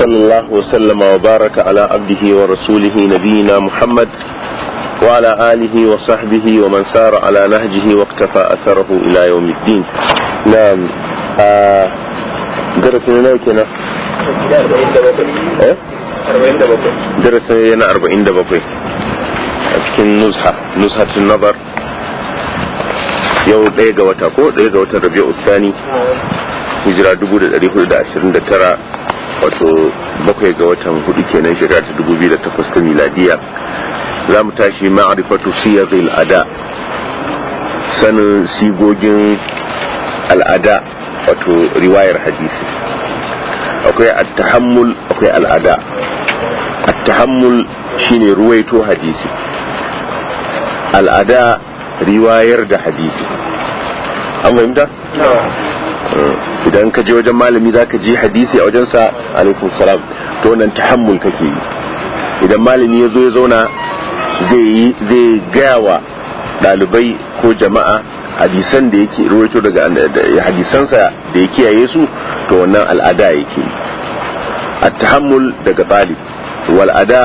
وصلى الله وسلم وبارك على عبده ورسوله نبينا محمد وعلى آله وصحبه ومن سار على نهجه واقتفى أثره إلى يوم الدين نعم آه، درسنا نوكنا إيه؟ درسنا ينا أربعين دبقي أتكين نزحة نزحة النظر يوم ɗaya وتاكو wata ko الثاني ga watan rabi'u tsani hijira 1429 wato bakwai ga watan hudu kenan shekara ta dubu biyu da takwas ta miladiya za mu tashi ma'arifatu siyaril ada sanin sigogin al'ada wato riwayar hadisi akwai at-tahammul akwai al'ada at-tahammul shine ruwaito hadisi al'ada riwayar da hadisi an fahimta? Eh, idan ka je wajen malami za ka ji hadisi a wajen sa alaikum salam to hamul tahammul kake yi idan malami ya zo ya zauna zai gaya wa dalibai ko jama'a hadisan da yake daga hadisansa da ya kiyaye su to wannan al'ada yake ta tahammul daga talib wal'ada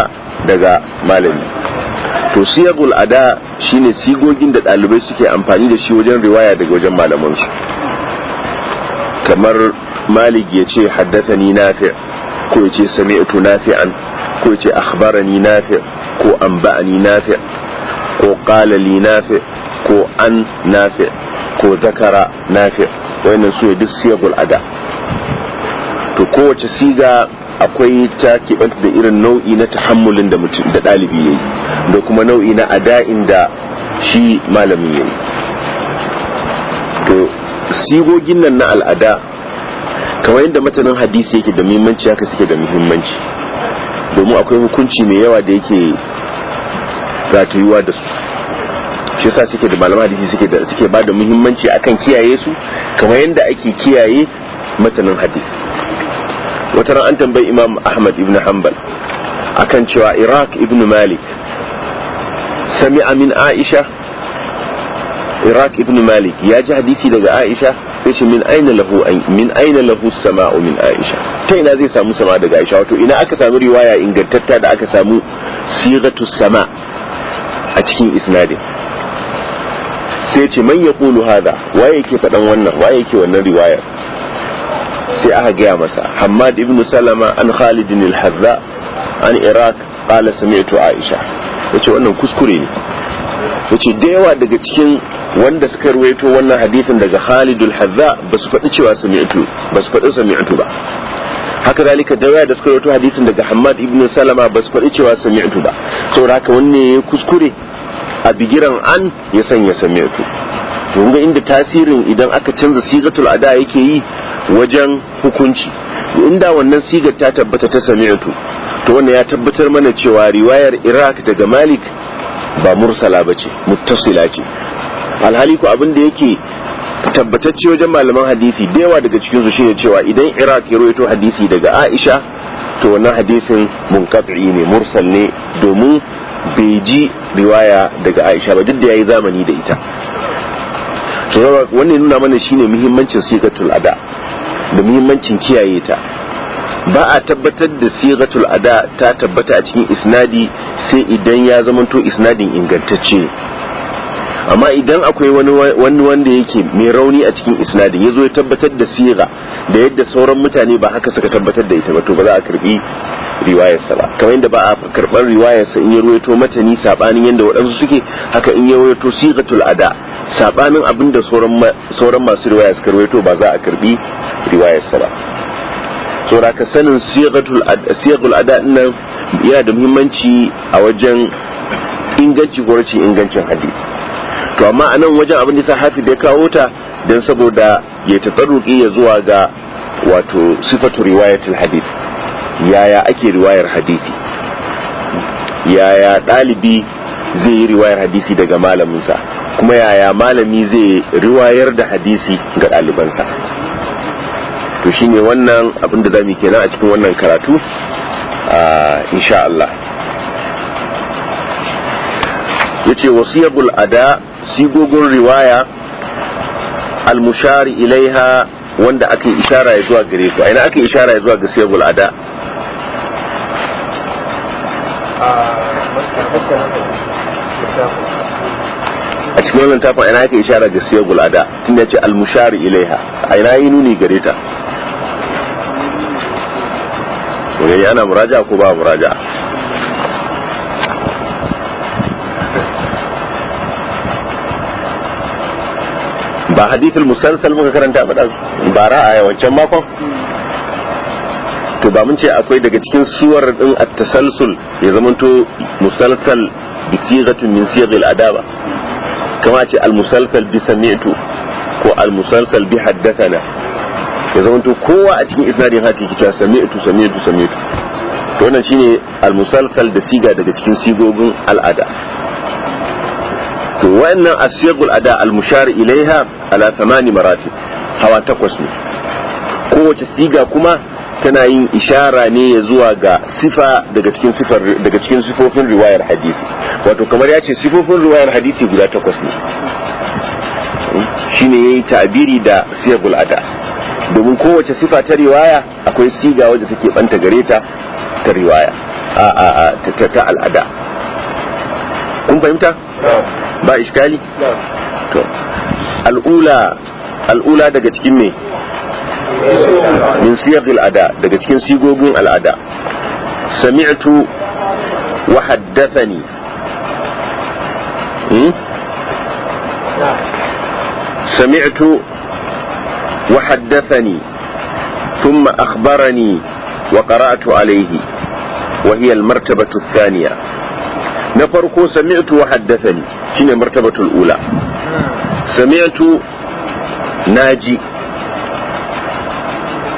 daga malami to siyagul ada shine sigogin da dalibai suke amfani da shi wajen riwaya daga wajen malamansu. kamar malik ya ce ni nafi ko ya ce nafi an ko ya ce ni nafi ko anba'ani nafi ko qala li nafi ko an nafi ko zakara nafi wayannan su duk siyagul ada to kowace siga akwai ta kebanta da irin nau'i na tahammulin da ɗalibi ya yi da kuma nau'i na ada'in da shi malamin ya yi sigogin nan na al'ada kamar yadda matanin hadisi yake da muhimmanci haka suke da muhimmanci domin akwai hukunci mai yawa da yake ratayuwa da su shi yasa suke da malama hadisi suke ba da muhimmanci a muhimmanci akan kiyaye su kamar yadda ake kiyaye matanin hadisi wata ran an tambayi imam ahmad ibn hanbal akan cewa iraq ibn malik Sami Amin aisha iraq ibn malik ya ji hadisi daga aisha Ya ce min aina lahu min aina lahu sama'u min aisha ta ina zai samu sama daga aisha wato ina aka samu riwaya ingantatta da aka samu sigatu sama a cikin isnadin sai ce man yaqulu hadha waye yake fadan wannan waye yake wannan riwayar sai aka gaya masa Hammad ibn Salama an Khalid al hazza an Iraq qala sami'tu Aisha yace wannan kuskure ne yace da yawa daga cikin wanda suka ruwaito wannan hadisin daga Khalidul Hazza ba su faɗi cewa sami'tu ba su faɗi sami'tu ba haka zalika da yawa da suka ruwaito hadisin daga Hammad ibn Salama ba su faɗi cewa sami'tu ba saboda haka wanne ya kuskure a bigiran an ya sanya sami'tu kun ga inda tasirin idan aka canza sigatul ada yake yi wajen hukunci inda wannan sigar ta tabbata ta sami'tu to wannan ya tabbatar mana cewa riwayar Iraq daga Malik ba mursala ba ce muttasila ce alhali ku abin da yake tabbatacce wajen malaman hadisi da yawa daga cikinsu shine cewa idan iraq ya rawaito hadisi daga aisha to wannan hadisin munqati ne mursal ne domin bai ji riwaya daga aisha ba duk da yayi zamani da ita to wannan nuna mana shine muhimmancin sigatul ada da muhimmancin kiyaye ta ba a tabbatar da sigatul ada ta tabbata a cikin isnadi sai idan ya zamanto isnadin ingantacce amma idan akwai wani wanda yake mai rauni a cikin isnadin ya zo ya tabbatar da siga da yadda sauran mutane ba haka suka tabbatar da ita ba to ba za a karbi riwayarsa ba kamar yadda ba a karbar riwayarsa in ya ruwaito matani sabanin yadda waɗansu suke haka in ya ruwaito sigatul ada sabanin abinda da sauran masu riwaya suka ruwaito ba za a karbi riwayarsa ba saura ka sanin siyagul ada nan yana da muhimmanci a wajen inganci ko rashin ingancin hadisi to amma a nan wajen abin da sa hafi da kawo ta don saboda ya tatsarruki ya zuwa ga wato sifatu riwayatul hadith yaya ake riwayar hadisi yaya ɗalibi zai yi riwayar hadisi daga malaminsa kuma yaya malami zai riwayar da hadisi ga ɗalibansa to shine wannan abin da zamu kenan a cikin wannan karatu insha Allah yace wasiyabul ada sigogon riwaya al-mushari ilaiha wanda aka yi ishara ya zuwa gare su aina aka yi ishara ya zuwa ga siyagul ada a cikin wannan tafa aina aka yi ishara ga siyagul ada tun ya ce almushari ilaiha aina yi nuni gare ta soyayya ana muraja ko ba muraja ba hadithul musalsal muka karanta ba bara a yawancin makon to ba mun ce akwai daga cikin suwar din at-tasalsul ya zamanto musalsal bi sigatun min sigil adaba kama ce al-musalsal bi sami'tu ko al-musalsal bi haddathana ya zama to kowa a cikin isnadin haka ke cewa sami'tu sami sami'tu to wannan shine al-musalsal da siga daga cikin sigogin al'ada to wannan asyagul ada al-mushar ilaiha ala thamani maratib hawa takwas ne kowace siga kuma tana yin ishara ne ya zuwa ga sifa daga cikin sifar daga cikin sifofin riwayar hadisi wato kamar ya ce sifofin riwayar hadisi guda takwas ne shine yayi ta'biri da siyagul ada domin kowace sifa ta riwaya akwai siga wadda take banta gare ta ta riwaya a a a ta ta al'ada kun fahimta ba iskali to al'ula al'ula daga cikin me min siyar al'ada daga cikin sigogin al'ada sami'tu wa haddathani sami'tu وحدثني ثم أخبرني وقرأت عليه وهي المرتبة الثانية نفرق سمعت وحدثني شنو المرتبة الأولى سمعت ناجي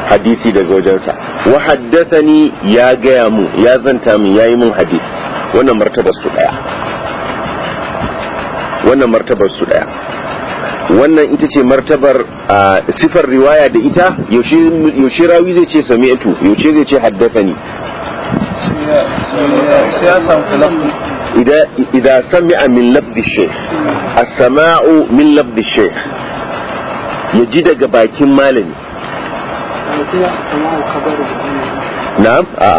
hadisi daga wajensa wa haddathani ya gaya mu ya zanta min yayi mun hadisi wannan martabar su su daya wannan ita ce martabar sifar riwaya da ita yaushe rawi zai ce sami'tu yaushe zai ce haddathani idan a min lafdi a sama'o min lafdi ya ji daga bakin malami na'am a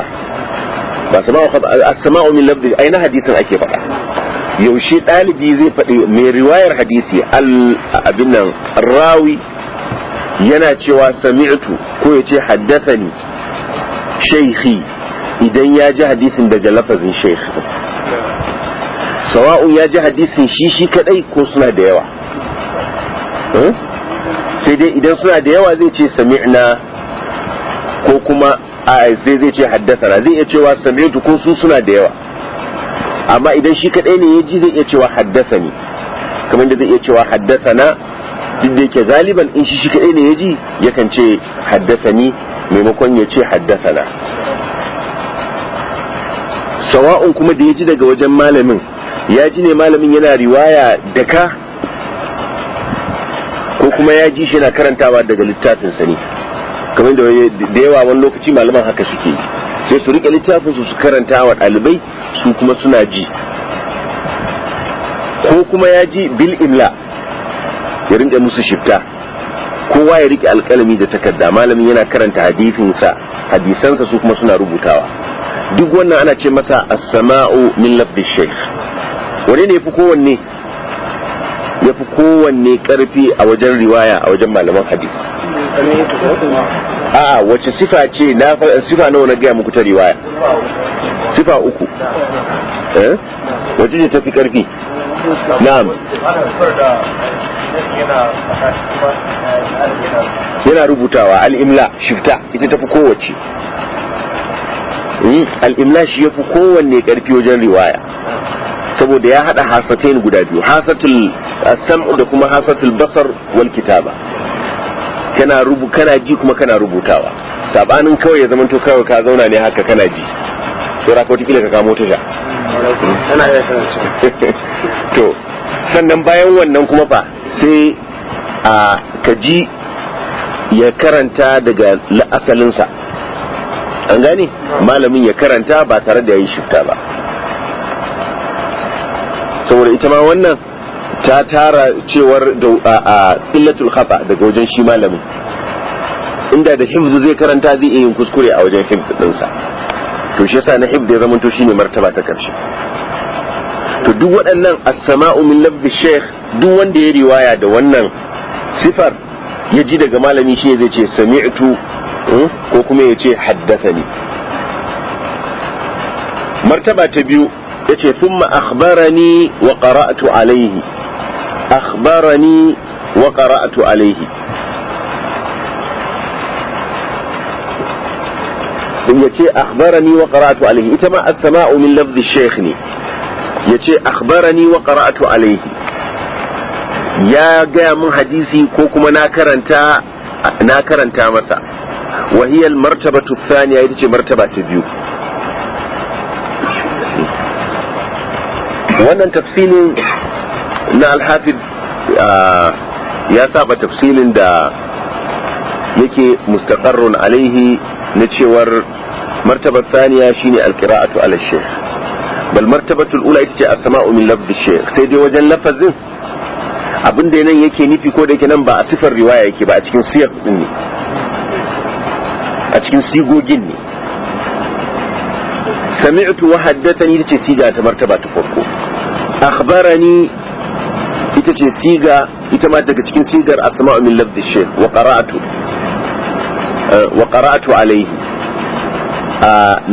ba sama'u as min lafdi ai na hadisin ake faɗa yaushe ɗalibi zai faɗi mai riwayar hadisi abin nan rawi yana cewa sami'tu ko ya ce haddasani shaikhi idan ya ji hadisin daga lafazin shaikh sawa'un ya ji hadisin shi shi kadai ko suna da yawa hmm? sai dai idan suna da yawa zai ce sami'na ko kuma a zai zai ce haddasana zai iya cewa sami'tu ko su suna da yawa amma idan shi kadai ne yaji zai iya cewa haddasa kamar da zai iya cewa haddasa na duk da yake zaliban in shi shi kadai ne ya kan yakan ce haddasa ni maimakon ya ce haddasa na sawa'un kuma da ya ji daga wajen malamin ya ji ne malamin yana riwaya da ka ko kuma ya ji shi yana karantawa daga littafin sani kamar da yawa wani lokaci malaman haka suke yi sai su rike littafin su su karanta wa ɗalibai su kuma suna ji ko kuma ya ji bil imla ya rinka musu shifta kowa ya rike alkalami da takarda malamin yana karanta hadisinsa hadisansa su kuma suna rubutawa duk wannan ana ce masa as-sama'u min lafdish shaykh wane ne fi kowanne ya fi kowanne karfi a wajen riwaya a wajen malaman hadith a wace sifa ce na sifa nawa na gaya muku ta riwaya sifa uku eh wace ce fi karfi na'am yana rubutawa al'imla shifta ita ta fi kowace hmm, al'imla shi ya fi kowanne karfi wajen riwaya saboda ya hada hasatain guda biyu hasatul uh, sam'u da kuma hasatul basar wal kitaba kana rubu kana ji kuma kana rubutawa sabanin kawai ya to kawai ka zauna ne haka kana ji saura ka wata ka kamo tasha to sannan bayan wannan kuma fa sai a kaji ya karanta daga asalinsa an gane malamin ya karanta ba tare da ya yi shifta ba saboda ita ma wannan ta tara cewar da a illatul khata daga wajen shi malamin inda da hifz zai karanta zai iya yin kuskure a wajen hifz sa to shi yasa na hifz ya zamanto shine martaba ta karshe to duk waɗannan as-sama'u min labbi sheikh duk wanda ya riwaya da wannan sifar ya ji daga malami shi zai ce sami'tu hmm, ko kuma ya ce haddathani martaba ta biyu yace thumma akhbarani wa qara'tu alayhi akhbarani wa qara'tu alayhi sun yace akhbarani wa qara'tu alayhi ita ma as-sama'u min lafzi shaykh ne yace akhbarani wa qara'tu alayhi ya gaya min hadisi ko kuma na karanta na karanta masa وهي المرتبة الثانية martaba ta biyu. wannan tafsirin na alhafid ah, ya saba tafsirin da yake mustaqarrun alaihi na cewar martabar thaniya shine alqira'atu ala shaykh bal martabatu alula ita ce as-sama'u min lafzi shaykh sai dai wajen lafazin abinda nan yake nufi ko da yake nan ba a sifar riwaya yake ba a cikin siyar din ne a cikin sigogin ne sami'tu wa haddathani ita ce siga ta martaba ta farko akhbarani ita ce siga ita ma daga cikin sigar asma'u min lafzi shaykh wa qara'atu wa qara'atu alayhi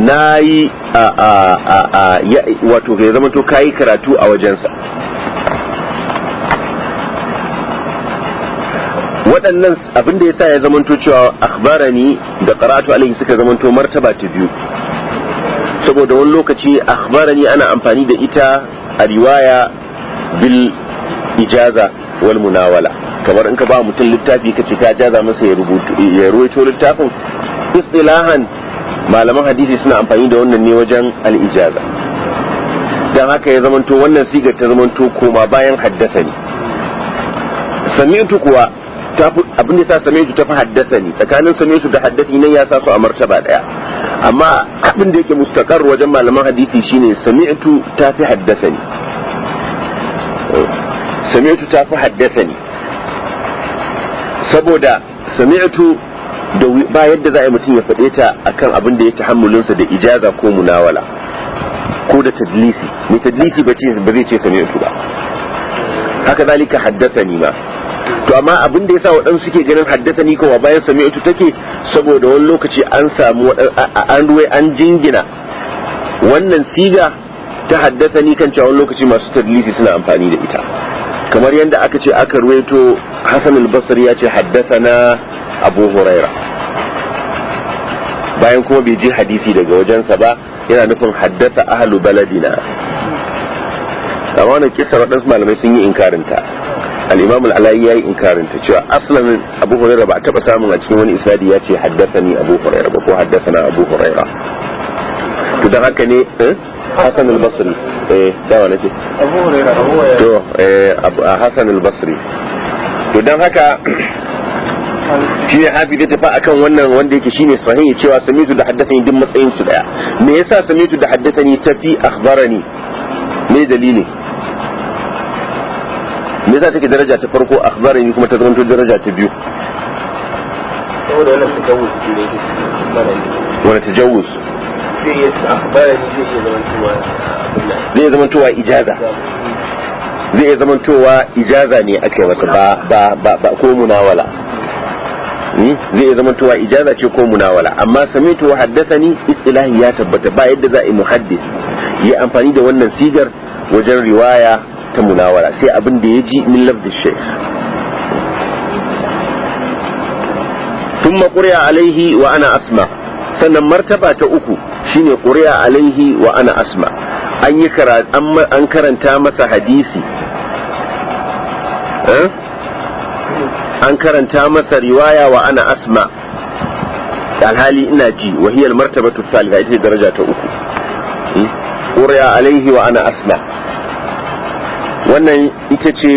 nayi wato ya zama to kayi karatu a wajensa waɗannan abin da ya sa ya zamanto cewa akhbarani da qara'atu alayhi suka zamanto martaba ta biyu saboda wani lokaci akhbarani ana amfani da ita riwaya bil ijaza wal munawala kamar in ka ba mutum littafi ka ce ka jaza masa ya rubutu ya rubuto littafin istilahan malaman hadisi suna amfani da wannan ne wajen al ijaza dan haka ya zamanto wannan sigar ta zamanto koma bayan haddasa ne sami'tu kuwa abin da sa same ta fi haddasa ni tsakanin same da haddasa nan ya sa su a martaba daya amma abin da yake mustaqar wajen malaman hadisi shine sami'tu tafi haddasa ni sami'tu ta haddasa ni saboda sami'tu da ba yadda za a yi mutum ya faɗe ta akan abin da ya sa da ijaza ko munawala ko da tadlisi mai tadlisi ba ba zai ce sami'tu ba haka zalika haddasa ni ma to amma abin da yasa waɗansu suke ganin haddasa ni kowa bayan sami'atu take saboda wani lokaci an samu an ruwe an jingina wannan siga ta haddasa ni kan cewa wani lokaci masu tadlisi suna amfani da ita kamar yadda aka ce aka ruweto Hassan al-Basri ya ce haddasa na Abu Huraira bayan kuma bai je hadisi daga wajensa ba yana nufin haddasa ahlu baladina amma wani ƙisa waɗansu malamai sun yi inkarinta al-imam ya alayi yayi inkarin ta cewa aslan abu hurairah ba a taba samun a cikin wani isnadi ya ce haddathani abu hurairah ba ko haddathana abu hurairah to haka ne eh? al-basri eh dawa nake abu to eh ah, al-basri to haka hafi da akan wannan wanda yake shine sahihi cewa samitu da haddathani din matsayin su daya me yasa samitu da haddathani tafi akhbarani me dalili me yasa take daraja ta farko akhbarani kuma ta zamanto daraja ta biyu saboda wannan tajawuz ne wannan zai zai iya zamantowa ijaza zai iya zamantowa ijaza ne ake masa ba ba ba, ba ko munawala hmm? zai iya zamantowa ijaza ce ko munawala amma samitu wa ni istilahi ya tabbata ba yadda za a yi muhaddis yi amfani da wannan sigar wajen riwaya ta munawara sai abin da ya ji min lafdin sheikh ثم قرئ عليه وانا Asma sannan martaba ta uku shine ƙuri'a alaihi wa ana asma an yi karanta masa hadisi eh? an karanta masa riwaya wa ana asma alhali ina ji wahiyar martaba ta salga ita daraja ta uku ƙuri'a hmm? alaihi wa ana asma wannan ita ce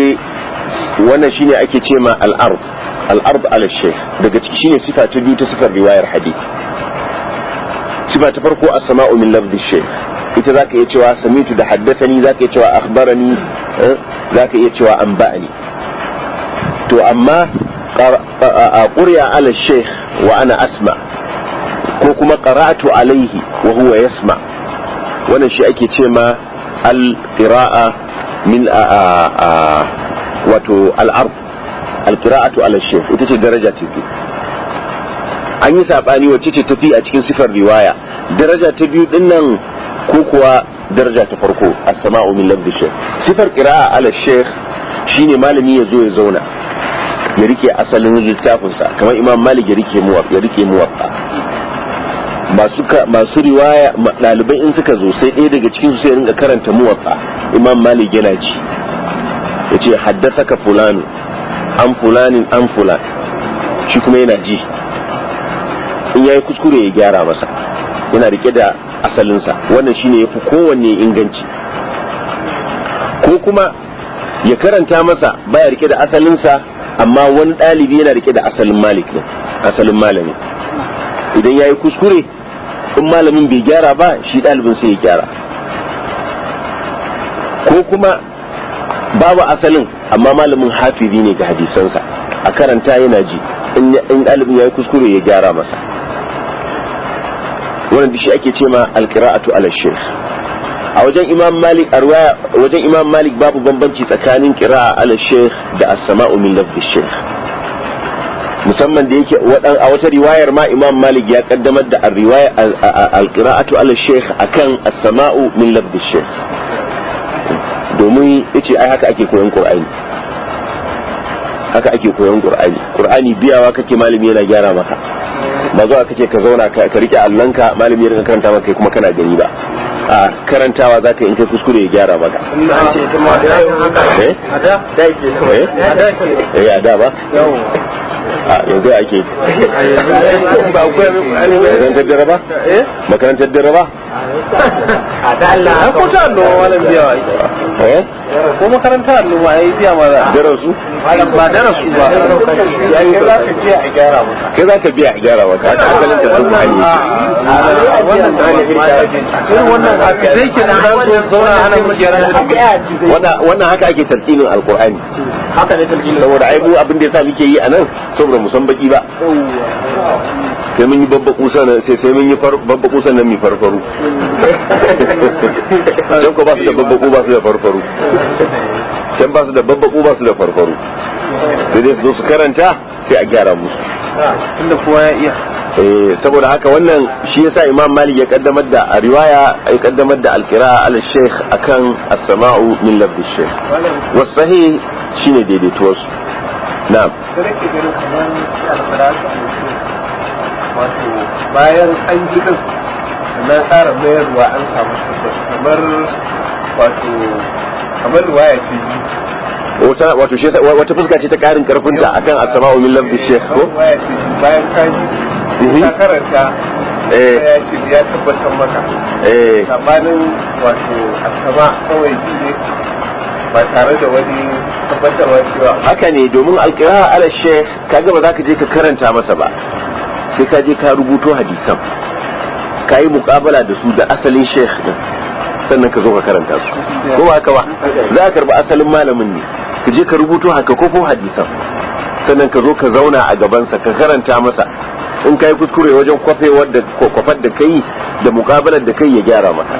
wannan shine ake ce ma al'ard al'ard ala shaykh daga ciki shine sifa ta biyu ta sifar riwayar hadith sifa ta farko as-sama'u min lafzi shaykh ita zaka iya cewa samitu da haddathani zaka iya cewa akhbarani eh, zaka iya cewa anba'ani to amma quriya ala shaykh wa ana asma ko kuma qara'tu alayhi wa huwa yasma wannan shi ake ce ma al-qira'a min a wato al'arf alkira'atu ala shaykh ita ce daraja ta biyu an yi saɓani wacce ce tafi a cikin sifar riwaya daraja ta biyu din ko kuwa daraja ta farko as sama'u min labdi shaykh sifar qira'a ala shaykh shine malami ya zo ya zauna ya rike asalin littafinsa kamar imam malik ya rike muwaffa masu riwaya dalibai in suka zo sai ɗaya daga cikin su sai ringa karanta muwaffa imam malik yana ci haddasa ka fulani an fulani an fulani shi kuma yana ji in ya yi kuskure ya gyara masa yana rike da asalinsa wannan shine fi kowanne inganci ko kuma ya karanta masa baya rike da asalinsa amma wani ɗalibi yana rike da asalin malik asalin malami idan ya yi kuskure in malamin bai gyara ba shi ɗalibin sai ya gyara ko kuma babu asalin amma malamin hafizi ne ga hadisansa a karanta yana ji in ɗalibin ya yi kuskure ya gyara masa wannan shi ake ce ma alƙira'atu ala a wajen imam malik a wajen imam malik babu bambanci tsakanin qira'a ala da as-sama'u min lafzi sheikh musamman da yake a wata riwayar ma imam malik ya kaddamar da riwaya al'kiraatu ala sheikh akan as-sama'u min labd sheikh domin yace ai haka ake koyon qur'ani haka ake koyon qur'ani qur'ani biyawa kake malami yana gyara maka ba zuwa kake ka zauna ka rike allanka malami ya karanta maka kai kuma kana gani ba a karantawa za ka in kai kuskure ya gyara maka eh, eh? eh a da ba Ah, yanzu ake makarantar jaraba? Eh? makarantar jaraba? a ta Allah eh, ko ta wani biyawa Eh? ko makaranta alluma ya yi biya maza darasu ba darasu ba ke za ka biya a gyara maka kai za ka biya a gyara maka haka asalin ta sun hanyi wannan irin wannan haka zai ke nan za su zauna hana mu gyara wannan haka ake tartibin alkur'ani haka ne tartibin saboda ai mu abin da yasa muke yi a nan saboda musamman san baki ba sai mun yi babba kusa na sai sai mun yi babba kusa nan mi farfaru can ko ba su da babba ku ba su da farfaru can ba su da babba ku ba su da farfaru sai dai su zo su karanta sai a gyara musu tunda kowa ya iya eh saboda haka wannan shi yasa imam malik ya kaddamar da a riwaya ya kaddamar da alqira'a al sheikh akan as-sama'u min lafzi sheikh wa sahih shine daidaituwar su na'am wato bayan an ji din na tsara mayarwa an samu tabbas kamar wato kamar waya ce wata wato shi wata fuska ce ta karin ta akan asma'u min lafzi shekh ko bayan kan ta mhm. karanta eh. ya ce ya tabbatar maka eh. sabanin wato al-sama kawai ji ne ba tare da wani tabbatarwa cewa haka ne domin alkira ala shekh kaga ba za ka je ka karanta masa ba sai ka je ka rubuto hadisan ka yi mukabala da su da asalin sheikh din sannan ka zo ka karanta su ko haka ba za ka karba asalin malamin ne ka je ka rubuto haka ko ko hadisan sannan ka zo ka zauna a gaban sa ka karanta masa in kai kuskure wajen kwafewar da kwafar da kai da mukabalar da kai ya gyara maka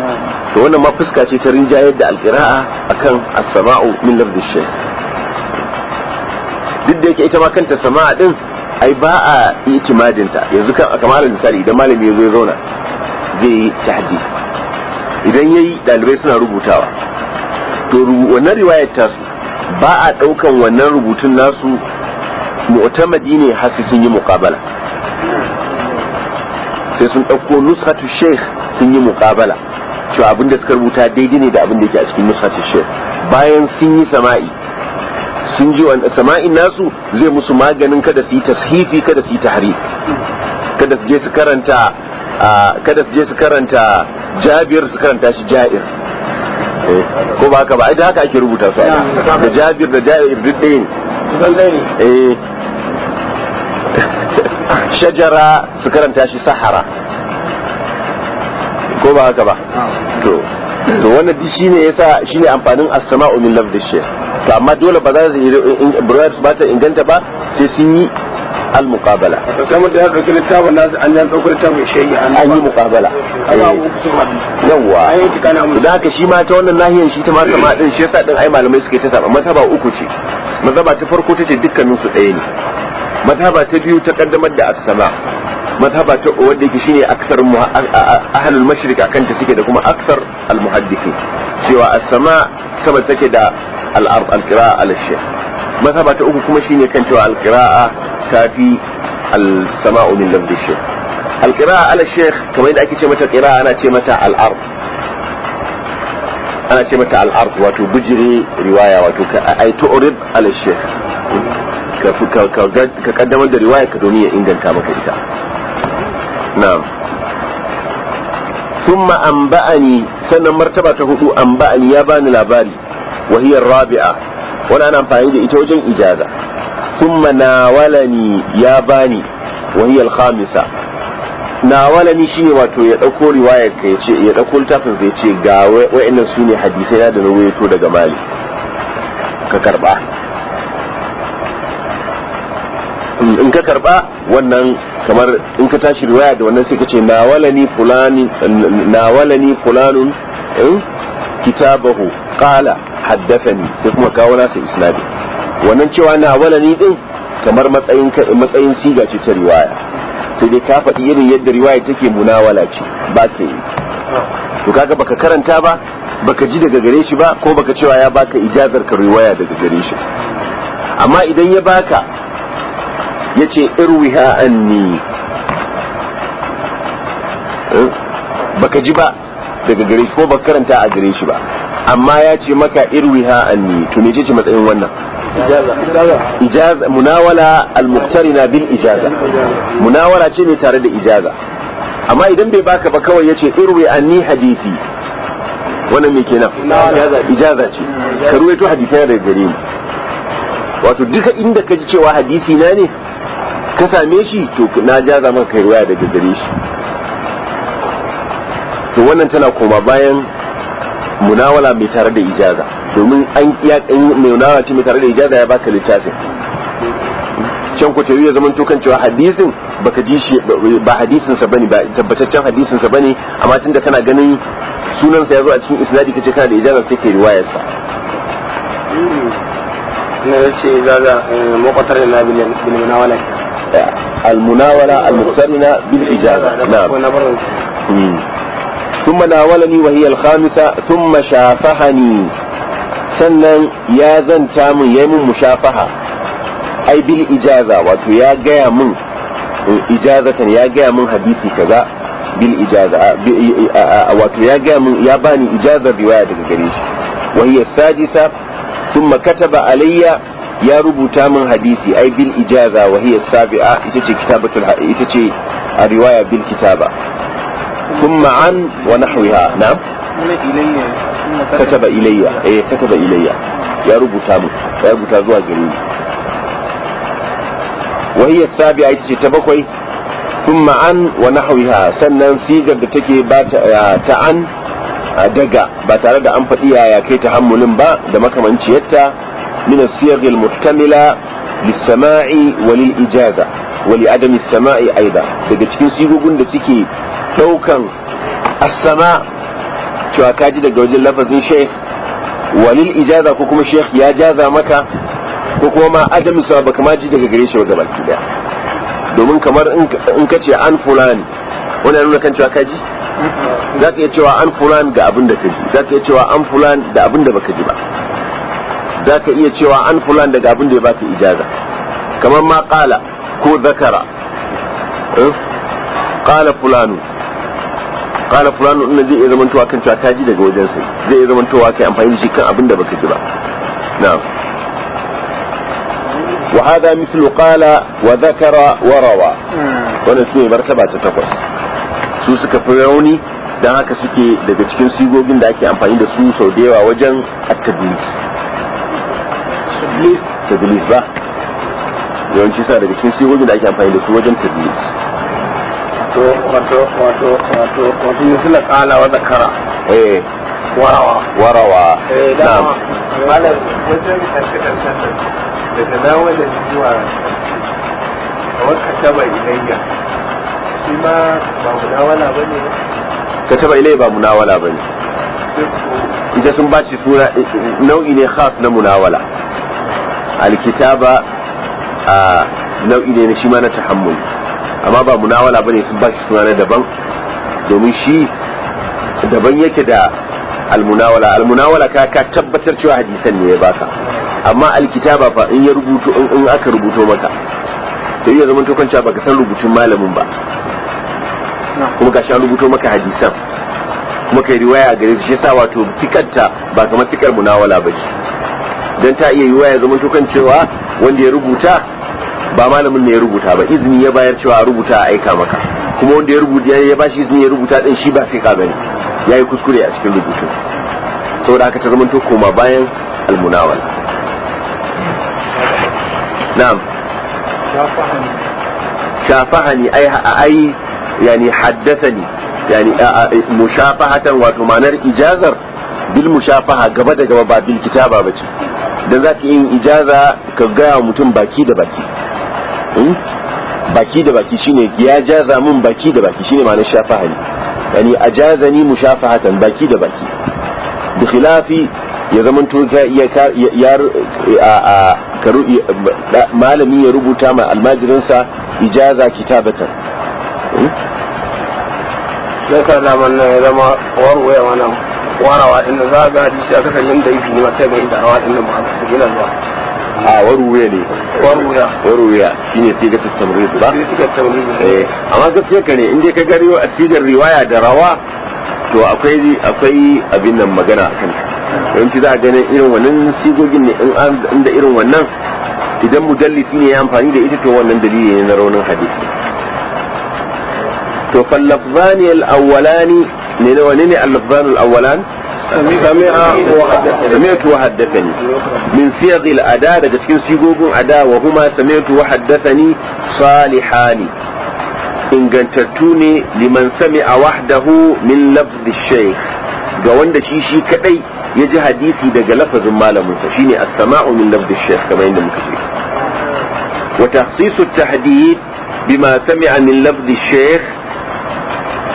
to wannan ma fuska ce ta rinjayar da alqira'a akan as-sama'u min lafdish shaykh duk da yake ita ma kanta sama'a din ai ba a itimadin ta yanzu kamar misali idan malami ya zauna zai yi tahdi idan yayi dalibai suna rubutawa to wannan riwayar ta su ba a daukan wannan rubutun nasu mu'tamadi ne har sun yi muqabala sai sun dauko nushatu sheikh sun yi muqabala cewa abinda suka rubuta daidai ne da abinda yake a cikin nushatu sheikh bayan sun yi sama'i sun ji sama'in nasu zai musu maganin kada su yi tashifi kada su yi tahari kada su je su karanta kada su je su karanta jabir su karanta shi ja'ir eh, ko ba haka ba ai da haka ake rubuta su da jabir da ja'ir duk ɗaya ne eh. shajara su karanta shi sahara ko ba haka ba to wannan shi ne yasa ne amfanin as min lafdhi to amma dole ba za su ba ta inganta ba sai sun yi al-muqabala kamar da ya dauki littafin nasu an jan daukar littafin shege an yi muqabala eh. yawa da haka shi ma ta wannan nahiyar shi ta ma sama din shi yasa din ai malamai suke ta saba mazhaba uku ce mazhaba ta farko tace dukkanin su ɗaya ne mazhaba ta biyu ta kaddamar da as-sama mazhaba ta wanda yake shine aksar ahlul mashriq akan ta suke da kuma aksar al-muhaddithin cewa as-sama sama take da al-ard al-qira'a al-shaykh mazhaba ta uku kuma shine kan cewa al-qira'a ta fi al-sama'u min lafzi shaykh al-qira'a al-shaykh kamar yadda ake ce mata qira'a ana ce mata al-ard ana ce mata al-ard wato bijiri riwaya wato ka ai tu'rid al-shaykh ka ka kaddamar da riwaya ka domin ya inganta maka ita na'am ثم أنبأني سنة مرتبة هدو أنبأني يا باني لاباري وهي الرابعة rabi'a wani ana amfani da ita wajen ijaza thumma nawalani ya bani wa hiya khamisa nawalani shine wato ya dauko riwayar ka yace ya dauko littafin zai ce ga wayannan sune hadisai na daga mali ka in ka karba wannan kamar in ka tashi riwaya da wannan sai ka ce nawalani fulani nawalani fulanun kitabahu qala haddathani sai kuma kawo nasa isnadi wannan cewa na walani din kamar matsayin matsayin siga ce ta riwaya sai dai ka faɗi irin yadda riwaya take munawala ce ba ta yi to kaga baka karanta ba baka ji daga gare shi ba ko baka cewa ya baka ijazar ka riwaya daga gare shi amma idan ya baka yace irwiha anni eh? baka ji ba daga gare shi ko baka karanta a gare shi ba amma ya ce maka irwiha anni to ne ce matsayin wannan ijaza munawala almuqtarina bil ijaza munawala ce ne tare da ijaza amma idan bai baka ba kawai yace irwi anni hadisi wannan me kenan ijaza ce ka ruwaito hadisai daga gare ni wato duka inda ka ji cewa hadisi na ne ka same shi to na jaza maka kai ruwaya daga gare shi to wannan tana koma bayan munawala mai tare da ijaza domin an ya iya munawala ce mai tare da ijaza ya baka littafin can ku tayi ya zaman to kan cewa hadisin baka ji shi ba hadisin sa bane ba tabbataccen hadisin sa bane amma tunda kana ganin sunan sa yazo a cikin isnadi kace kana da ijaza sai kai riwayar sa na yace ijaza eh, muqatar na bil munawala eh, al munawala al muqtarina bil ijaza na ثم ناولني وهي الخامسة ثم شافهني sannan ya zanta min ya min mushafaha ai bil ijaza wato ya gaya min ya hadisi kaza bil ijaza wato ya gaya min ya bani ijazar riwaya daga gare shi wa hiya sadisa thumma kataba alayya ya rubuta min hadisi ai bil ijaza ita ce a riwaya bil kitaba ثم عن ونحوها نعم كتب إلي إيه كتب إلي يا رب تامو يا رب تازوا جريم وهي السابعة تبقي ثم عن ونحوها سنن سيجا بتكي بات تعن daga ba tare da an faɗi yaya kai tahammulin ba da makamanciyarta min as-siyagh al-muhtamila lis-sama'i ijaza wali adami sama'i aida daga cikin sigogun da suke daukan as-sama cewa kaji daga wajen lafazin sheikh walil ijaza ko kuma sheikh ya jaza maka ko kuma ma adami sa baka ma ji daga gare shi ba baki daya domin kamar in ka ce an fulani wani nuna kan cewa kaji za ka iya cewa an fulan ga abin da ka ji za ka iya cewa an fulan da abin da baka ji ba za ka iya cewa an fulan daga abin da ya baka ijaza kamar ma kala ko zakara eh? qala fulanu qala fulanu ina zai iya zamantowa kan cewa kaji daga wajen sai zai iya zamantowa kai amfani da shi kan abin da baka ji ba na'am wa hada mithlu qala wa zakara wa rawa wannan shine martaba ta takwas su suka fi rauni dan haka suke daga cikin sigogin da ake amfani da su sau da yawa wajen at-tadlis tadlis ba yawanci sa daga cikin sigogin da ake amfani da su wajen tadlis wato wato wato wato wato misala kala zakara eh warawa warawa eh na'am malam wajen karshe karshen daga nan wajen zuwa kataba ilayya shi ma ba munawala ne. kataba ilayya ba munawala bane ita sun baci suna eh, eh, nau'i ne khas na munawala alkitaba a nau'i ne na shi ma na tahammul amma ba munawala bane sun ba shi suna na daban domin shi daban yake da almunawala almunawala ka ka tabbatar cewa hadisan ne ya baka amma alkitaba fa in ya rubuto in aka rubuto maka to iya zaman tokanta baka san rubutun malamin ba kuma ka sha rubuto maka hadisan kuma kai riwaya gare shi yasa wato tikanta ba kamar tikar munawala ba ce dan ta iya yiwa ya to tokan cewa wanda ya rubuta ba malamin ne ya rubuta ba izini ya bayar cewa a rubuta a aika maka kuma wanda ya rubuta ya ba shi izini ya rubuta din shi ba fika ya yayi kuskure a cikin rubutun saboda haka ta zamanto koma bayan almunawal na'am shafahani ai ai yani haddathani yani mushafahatan wato manar ijazar bil mushafaha gaba da gaba ba bil kitaba bace don za ka yi ijaza ka gaya wa mutum baki da baki hmm? baki da baki shine ya jaza min baki da baki shine shafa hali yani shafa mushafahatan baki da baki bi khilafi ya zaman to ya malami ya rubuta ma almajirinsa ijaza kitabatan zai karna mana ya zama warwaya wannan warawa din nan za ga hadisi aka kan yanda yake ne wata ga inda rawa din nan ba a cikin nan ba a waruwe ne waruya waruya shine sai ga tamrid ba sai ga tamrid eh amma gaskiya ka ne in dai ka ga riwa asijar riwaya da rawa to akwai akwai abin nan magana Don yanzu za a ganin irin wannan sigogin ne in da irin wannan idan mujallisi ne ya amfani da ita to wannan dalili ne na raunin hadisi to fallafzani al-awwalani ne ne wani ne al-lafzanul awwalan sami'tu wa haddathani min siyaghil ada daga cikin sigogun ada wa huma sami'tu wa haddathani salihani ingantattu ne liman sami'a wahdahu min lafzi shaykh ga wanda shi shi kadai ya ji hadisi daga lafazin malaminsa shine as-sama'u min lafzi shaykh kamar yadda muka ce wa tahsisu at-tahdid bima sami'a min lafzi shaykh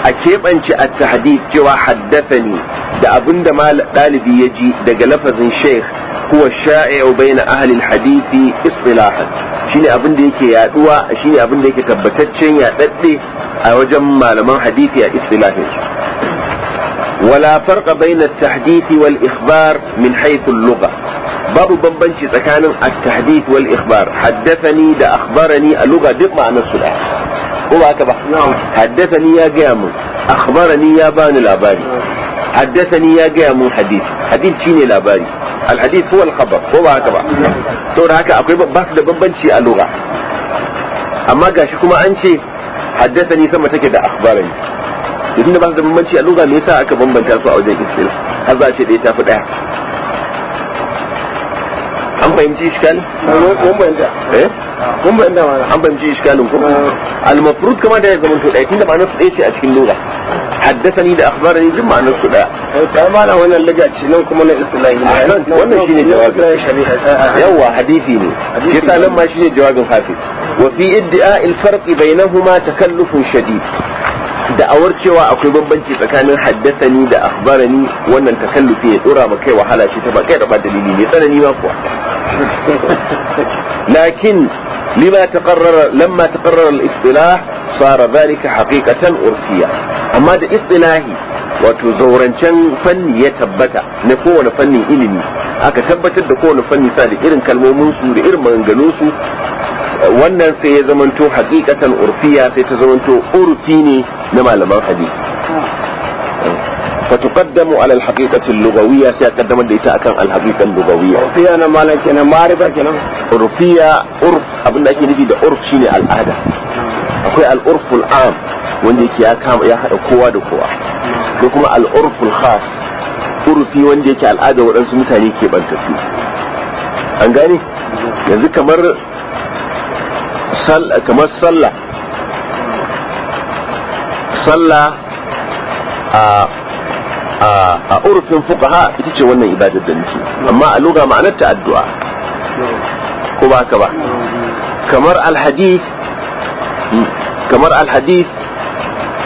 a keɓance a tahdid cewa haddathani da abin da ɗalibi ya ji daga lafazin sheikh kuwa sha'i ubai na ahalin hadithi istilahan shine abin da yake yaduwa shine abin da yake tabbataccen yadadde a wajen malaman hadithi a istilahin wala farqa bayna at wal ikhbar min haythu al-lugha babu bambanci tsakanin at-tahdith wal ikhbar haddathani da akhbarani a lugha duk ma'anar su da ko ba haka ba haddathani ya gaya mun akhbarani ya bani labari haddathani ya gaya mun hadith hadith shine labari al hadith huwa al khabar ko ba haka ba saboda haka akwai ba su da bambanci a lugha amma gashi kuma an ce haddathani sama take da akhbarani idan da ba su da bambanci a lugha me yasa aka bambanta su a wajen islam har za a ce da ta fi daya an fahimci shi kan? Eh? kun ba inda ma an banci iskalin kuma eh. al-mafrud kama da ya zama to dai tunda ma'anar su dai ce a cikin lugha haddasani da akhbarani duk ma'anar su daya kai eh, ma na wannan lugha ce nan kuma na islahi wannan shine jawabi eh, yawa hadisi ne yasa nan ma shine jawabin hafiz wa fi iddia al-farq bainahuma takallufun shadid da'awar cewa akwai bambanci tsakanin haddasani da akhbarani wannan takallufi ya dora ma kai wahala shi ta ba kai da ba dalili ne tsanani ma kuwa lakin لما تقرر لما تقرر الاصطلاح صار ذلك حقيقة عرفية أما الاصطلاحي fanni ya tabbata na نكون fannin ilimi aka tabbatar da kowane fanni sa da irin kalmomin kalmominsu da irin maganganunsu wannan sai ya zamanto hakikatan urfiya sai ta zamanto urfi ne na malaman hadisi فتقدم على الحقيقة اللغوية سيقدم ديتا أكن الحقيقة اللغوية عرفية أنا مالا كنا معرفة كنا عرفية عرف أبن أكي نجي ده عرف شيني الأهدى أخوي العرف العام وندي كي أكام يا قوة دقوة لكما العرف الخاص عرفي وندي كي الأهدى ورنسو متاني كي بنتفي أنغاني yanzu kamar kamar sallah sallah a a urufin ha, ita ce wannan ibadar da nufi amma a luga ma'anar ta addu'a ko ba ka ba kamar alhadith kamar alhadith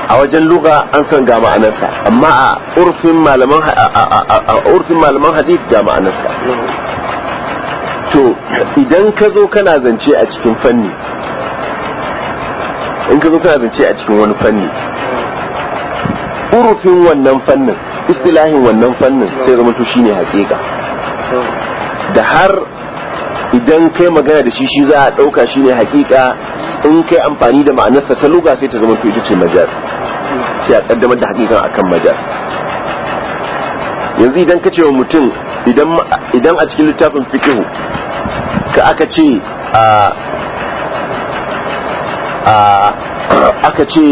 a wajen lugha an san ga ma'anarsa amma a urufin malaman a malaman hadith ga ma'anarsa to idan ka zo kana zance a cikin fanni in ka zo kana zance a cikin wani fanni urufin wannan fannin istilahin wannan fannin sai zama to shine haƙiƙa da har idan kai magana da shi shi za a ɗauka shi ne hakika in kai amfani da ma'anarsa ta luga sai ta zama to ita ce majaz sai a ƙaddamar da hakikan akan majaz yanzu idan ka ce wa mutum idan a cikin littafin fikihu ka aka ce a aka ce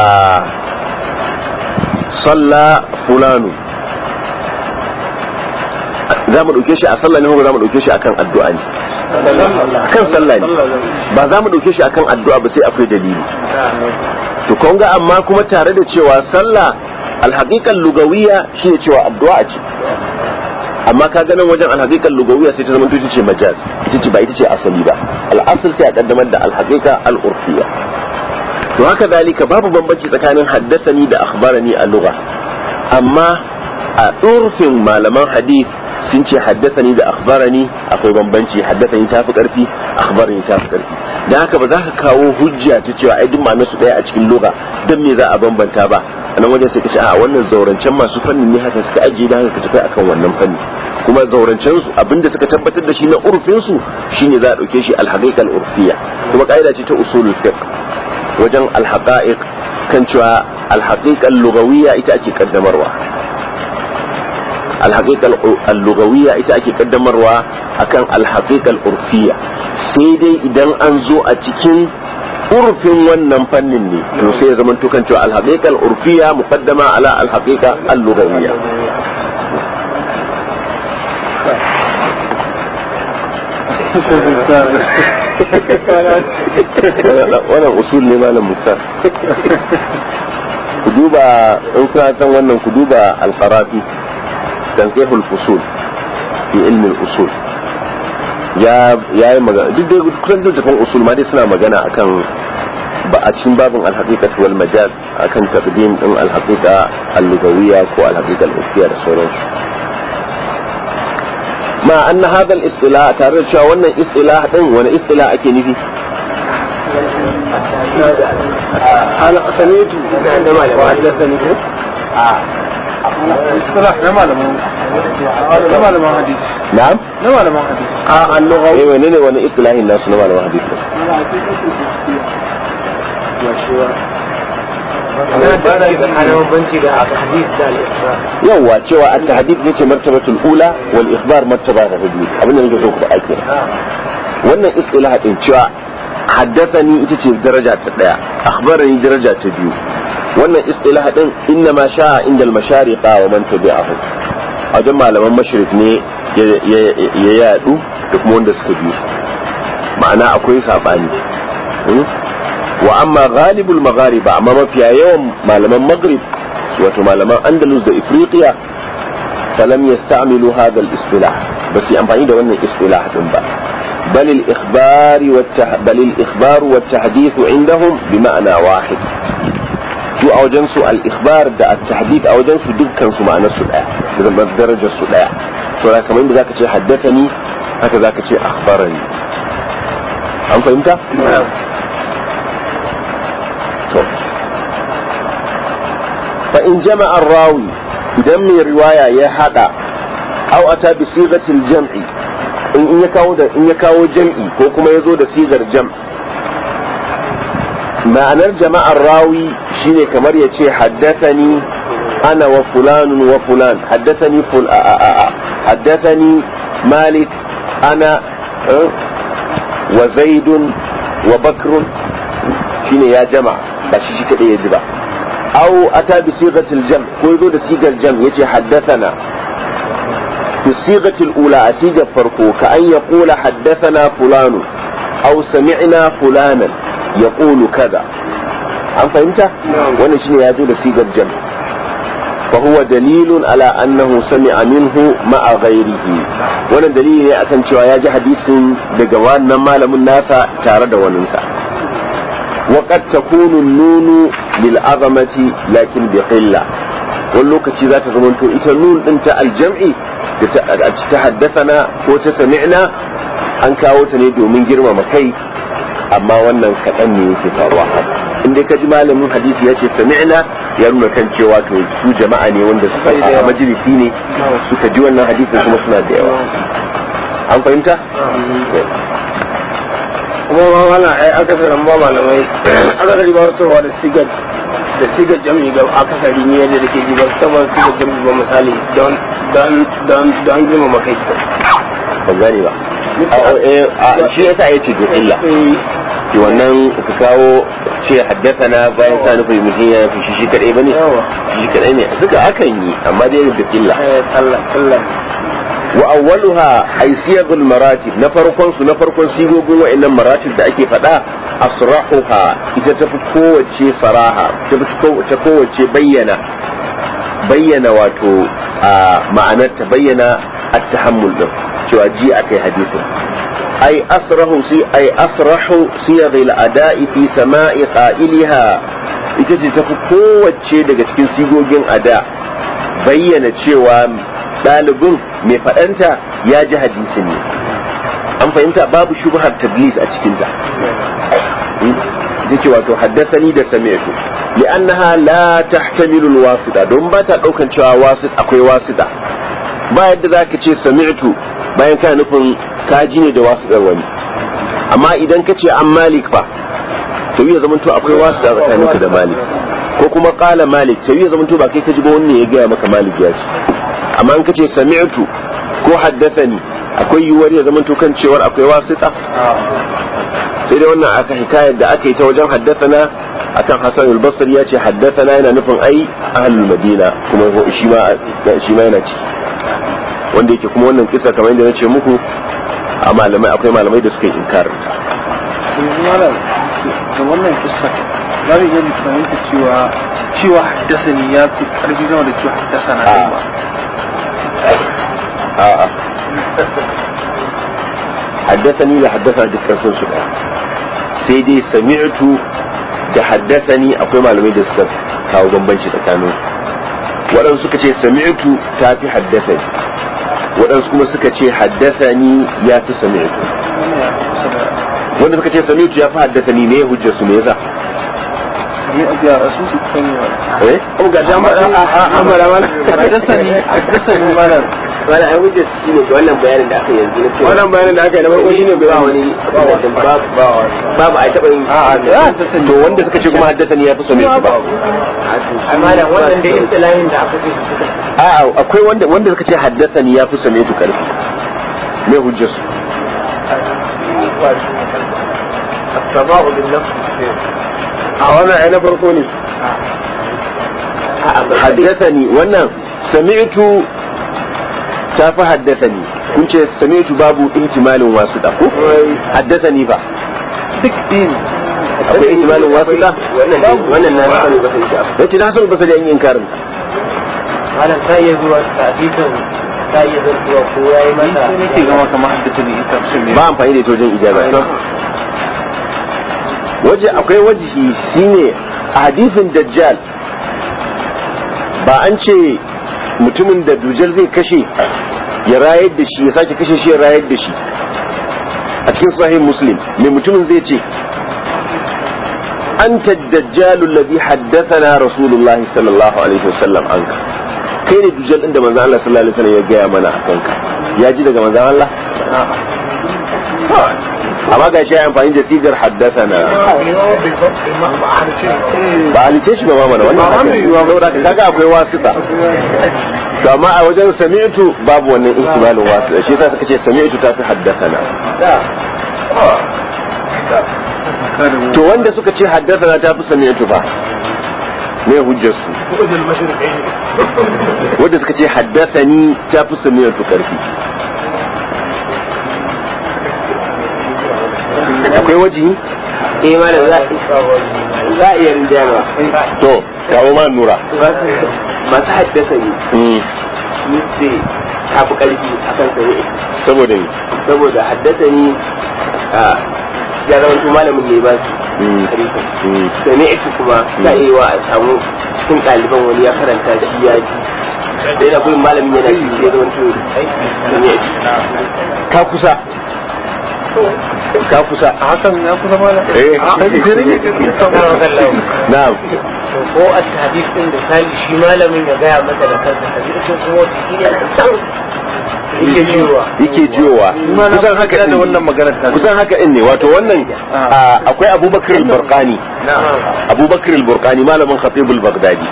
a salla fulanu za mu ɗauke shi a sallah ne ko za mu ɗauke shi akan addu'a ne kan sallah ne ba za mu ɗauke shi akan addu'a ba sai akwai dalili to kun ga amma kuma tare da cewa sallah alhaqiqan lugawiya shine cewa addu'a ce amma ka ganin wajen alhaqiqan lugawiya sai ta zama ita ce majaz ita ce ba ita ce asali ba al'asal sai a kaddamar da alhaqiqa al'urfiya to haka zalika babu bambanci tsakanin haddasani da akhbarani a lugha amma a urfin malaman hadith sun ce haddasani da akhbarani akwai bambanci haddasani ta fi karfi akhbarani ta fi karfi da haka ba za ka kawo hujja ta cewa ai duk ma'anar su daya a cikin lugha dan me za a bambanta ba nan wajen sai ka ce a wannan zaurancen masu fannin ne haka suka ajiye da haka ka tafi akan wannan fanni kuma zaurancen su abinda suka tabbatar da shi na urfin su shine za a dauke shi alhaqiqal urfiya kuma kaida ce ta usulul fiqh wajen alhaƙa'iƙ kan cewa alhaƙiƙar lugawiya ita ake ƙaddamarwa alhaƙiƙar lugawiya ita ake ƙaddamarwa akan alhaƙiƙar urfiya sai dai idan an zo a cikin urfin wannan fannin ne to sai ya zama tukan cewa alhaƙiƙar urfiya muqaddama ala alhaƙiƙar lugawiya wannan usul ne malam muktar ku duba in kuna san wannan ku duba al-farafi tanqihul fusul fi ilmi al-usul ya yayi magana duk dai kusan duk tafan usul ma dai suna magana akan ba a cikin babin al-haqiqat wal majaz akan taqdim din al-haqiqa al lughawiyya ko al-haqiqa al-usuliyya da sauransu ma anna hadha a istilah tare da cewa wannan istilah din wani istilah ake nufi ala samitu da malama da samitu a istilah na na malamin hadisi na'am na malamin hadisi a ah, al-lugha A eh, wani ne wani istilahin nasu na malamin hadisi yawa cewa at-tahdid ce martabatul ula wal ikhbar martaba ta biyu abin da nake so ku ake wannan istilah din cewa haddathani ita ce daraja ta daya akhbarani daraja ta biyu wannan istilah din inna ma sha'a inda al-mashariqa wa man tabi'ahu a wajen malaman mashrik ne ya yadu da kuma wanda suka biyu ma'ana akwai sabani hmm? واما غالب المغاربه اما في يوم معلم المغرب وتو معلم اندلس افريقيا فلم يستعملوا هذا الاصطلاح بس يعني ده وين الاصطلاح بل الاخبار والتح... بل الاخبار والتحديث عندهم بمعنى واحد شو او جنسو الاخبار ده التحديث او جنسو دكان سو معنى سو ده بالدرجه سو ده فلا كمان ذاك حدثني هكذا ذاك اخبرني أنت فهمت؟ نعم to fa in jama'ar rawi idan mai riwaya ya hada aw ata bi sigatil jam'i in ya kawo da in ya kawo jam'i ko kuma ya zo da sigar jam ma'anar jama'ar rawi shine kamar ya ce haddathani ana wa fulanun wa fulan haddathani ful a a a haddathani malik ana eh, wa zaidun wa bakrun shine ya jama'a ba shi shi ya ji ba ata bi sigatil jam ko yazo da sigar jam yace haddathana bi sigatil ula a sigar farko ka an ya qula haddathana fulanu aw sami'na fulanan yaqulu kaza an fahimta wannan shine ya zo da sigar jam فهو دليل على أنه سمع منه مع غيره وانا دليل أكن شوية حديث دقوان نما لمن ناسا تارد وننسى وقد تكون النون للعظمة لكن بقلة واللوكة ذات زمنتو إتا النون انت ko تحدثنا وتسمعنا an kawo ta ne domin girmama kai amma wannan kaɗan ne yake faruwa in dai ka ji malamin hadisi ya ce sami'na ya nuna kan cewa to su jama'a ne wanda suka a majalisi ne suka ji wannan hadisi kuma suna da yawa an fahimta kuma ma wannan ai akasarin ba malamai akasari ba wasu da sigar da sigar jami ga akasari ne yadda da ke ji ba su taba sigar jami ba misali don don don girma makai ba gani ba eh, shi yasa ya ce illa eh. ki wannan ka kawo ce haddasana bayan sa nufi mutum ya fi shi kadai bane shi kadai ne duka akan yi amma dai da illa wa awwaluha ay maratib na farkon su na farkon sigogin wa'annan maratib da ake faɗa asrahuha ita tafi kowace saraha ta kowace bayyana bayyana wato a ma'anar ta bayyana at-tahammul din cewa ji akai hadisin ay asrahu si ay asrahu siyadil ada'i fi sama'i qa'iliha ita ce tafi kowace daga cikin sigogin ada bayyana cewa ɗalibin mai faɗanta ya ji hadisi ne an fahimta babu shubhar tablis a cikinta hmm? yake wato haddathani da sami'tu li'annaha la tahtamilu alwasita don ba ta daukan cewa wasit akwai wasita ba yadda zaka ce sami'tu bayan kana nufin ji ne da wasitar wani amma idan ka ce an malik fa to iya zaman to akwai wasita tsakaninka da malik ko kuma qala malik to iya zaman to ba kai ka ji ba wannan ya gaya maka malik ya ce amma in kace sami'tu ko haddathani akwai yiwuwar ya zama kan cewar akwai wasita sai dai wannan aka hikayar da aka yi ta wajen haddathana akan Hassan al-Basri ya ce haddathana yana nufin ai ahlul Madina kuma shi ma shi ma yana ci wanda yake kuma wannan kisa kamar yadda nace muku a malamai akwai malamai da suka yi inkarin ta wannan kisa ba zai gani fahimta cewa cewa ya fi karfi zama da cewa haddasana ba a'a haddasani da haddasa duk karfin su ɗaya sai dai da haddasani akwai malamai da suka kawo bambanci tsakanin waɗansu suka ce ya fi haddasani ne hujjar su me wani ai shi ne wannan bayanin da aka yanzu wannan bayanin da aka yi na farko ne ba wani babu yin a'a to wanda suka ce kuma haddasa ne ya fi ba amma da wannan da da aka ce suka a'a akwai wanda wanda suka ce haddasa ne ya fi karfi me hujjar su السماء للنفس a wannan ai na farko ne haddathani wannan sami'tu ta fi haddathani kun ce sami'tu babu ihtimalin wasu da ko haddathani ba duk din akwai ihtimalin wasu da wannan na sani ba sai ya ce na sani ba sai an yi inkarin malam ta iya zuwa ta'didan ta iya zartuwa ko ya yi mata ba amfani da tojin ijaba waje akwai wajihi shine a hadithin dajjal ba an ce mutumin da dujal zai kashe ya rayar da shi ya sake kashe shi ya rayar da shi a cikin sahih muslim mai mutumin zai ce An ta dajjalu alladhi haddathana rasulullahi sallallahu alaihi wasallam anka kai ne dujal din da manzon Allah sallallahu alaihi wasallam ya gaya mana akan ka ya ji daga manzon Allah amma ga shi amfani da sigar haddasana ba halice shi ba ma mana wannan hakan kaga akwai wasita to amma a wajen sami'tu babu wannan ihtimalin wasita shi yasa suka ce sami'tu tafi haddasana to wanda suka ce ta fi sami'tu ba me hujjar su wanda suka ce ta fi sami'tu karfi akwai wajihi eh malam za a iya rinjama to kawo ma nura masu haddasa ne hmm. nufi ta fi karfi a kan sani saboda yi saboda haddasa ne a ya zama su malamin ne ba su ne hmm. hmm. ake kuma za yi wa a samu cikin ɗaliban wani ya karanta shi ya ji da yana kuma malamin yana ji ya zama su ka kusa ka kusa a hakan ya kusa mana eh na ko a hadis din da sai shi malamin ya gaya masa da kansa hadisin kuma yake jiyowa yake jiyowa kusan haka ne wannan maganar kusan haka in ne wato wannan ah. Ah, akwai Abubakar al-Burqani Abubakar al-Burqani malamin Khatib al-Baghdadi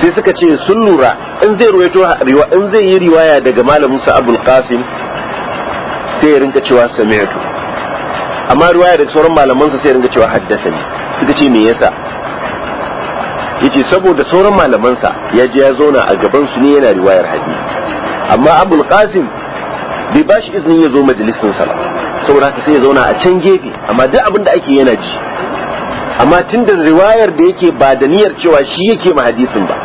sai suka ce sun lura in zai ruwaito in zai yi riwaya daga malamin sa Abdul Qasim sai ya rinka cewa sami'atu amma ruwaya da sauran malaman sa sai ya rinka cewa haddathani suka ce me yasa yace saboda sauran malaman sa ya ji ya zauna a gaban su ne yana riwayar hadisi amma abul qasim bai bashi izinin ya zo majalisin sa ba saboda haka sai ya zauna a can gefe amma duk abin da ake yana ji amma tun da riwayar da yake ba da niyyar cewa shi yake ma hadisin ba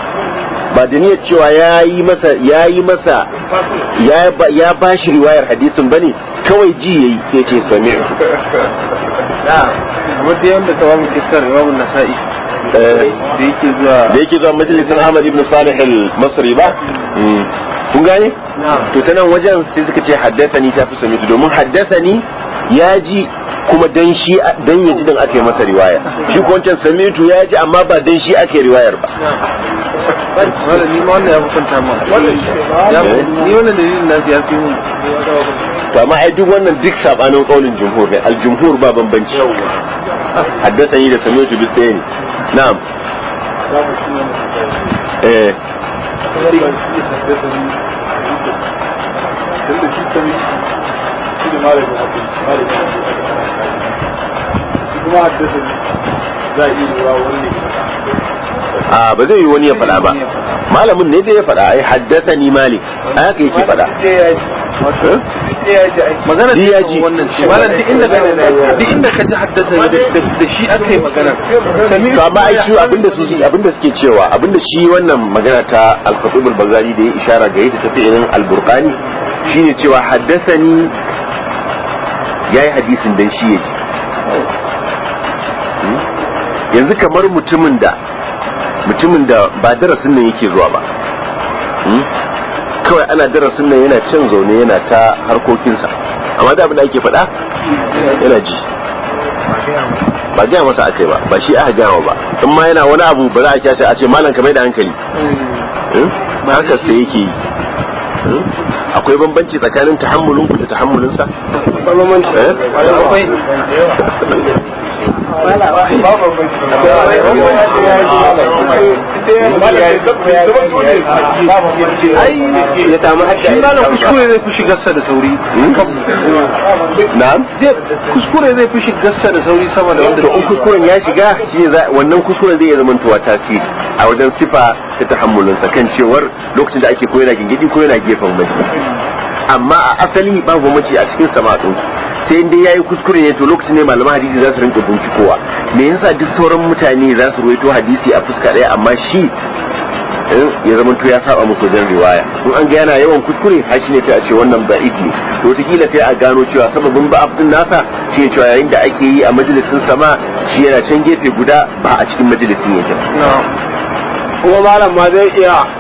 ba da niyyar cewa ya yi masa ya yi masa ya ba shi riwayar hadisin ne kawai ji yi sai ce sami kamar da yanda tawamu kisar na sa'i da yake zuwa majalisar Ahmad ibn Salih al-Masri ba hmm. kun gane to tanan wajen sai suka ce haddathani ta fi sami domin ni ya ji kuma dan shi dan ya ji dan ake masa riwaya shi ko wancan samitu ya ji amma ba dan shi ake riwayar ba wanda ni ma wannan ya fi ma ni wannan dalilin na ya fi mun to amma ai duk wannan duk sabanin kaulin jumhur ne al jumhur ba bambanci yi da sami'tu bi tayni na'am eh kuma haddasa za a iya lura wani a ba zai yi wani ya faɗa ba malamin ne da ya faɗa ai haddasa ni malik a haka yake faɗa magana da yaji malam duk inda duk inda ka ji haddasa da shi aka yi magana to amma ai shi abinda su abinda suke cewa abinda shi wannan magana ta al-khatib al-baghdadi da ya ishara ga yadda ta fi'ilin al-burqani shine cewa haddasa ni yayi hadisin dan shi yake hmm? yanzu kamar mutumin da mutumin da ba darasin nan yake zuwa ba hmm? kawai ana darasin nan yana can zaune yana ta harkokinsa amma da abin da ake faɗa yana ji ba gaya masa akai ba ba shi aka gaya ba in ma yana wani abu ba za a kyashe a ce malam ka mai da hankali hmm? ba haka sai yake yi hmm? akwai bambanci tsakanin tahammulinku da tahammulinsa kuskure zai fi shigarsa da sauri na'am kuskure zai fi shigarsa da sauri sama da wanda in kuskuren ya shiga wannan kuskuren zai iya zamantowa tasiri a wajen sifa ta tahammulinsa kan cewar lokacin da ake koyana gingidi ko yana gefen mashi amma a asali babu mace a cikin sama to sai dai yayi kuskure ne to lokacin ne malaman hadisi za su rinka bincikowa me yasa duk sauran mutane za su ruwaito hadisi a fuska daya amma shi eh, ya zama to ya saba musu wajen riwaya in an ga yana yawan kuskure har shi ne sai a ce wannan ba ne to kila sai a gano cewa sababin ba abdin nasa shi cewa yayin da ake yi a majalisin sama shi yana can gefe guda ba a cikin majalisin yake kuma malam ma zai iya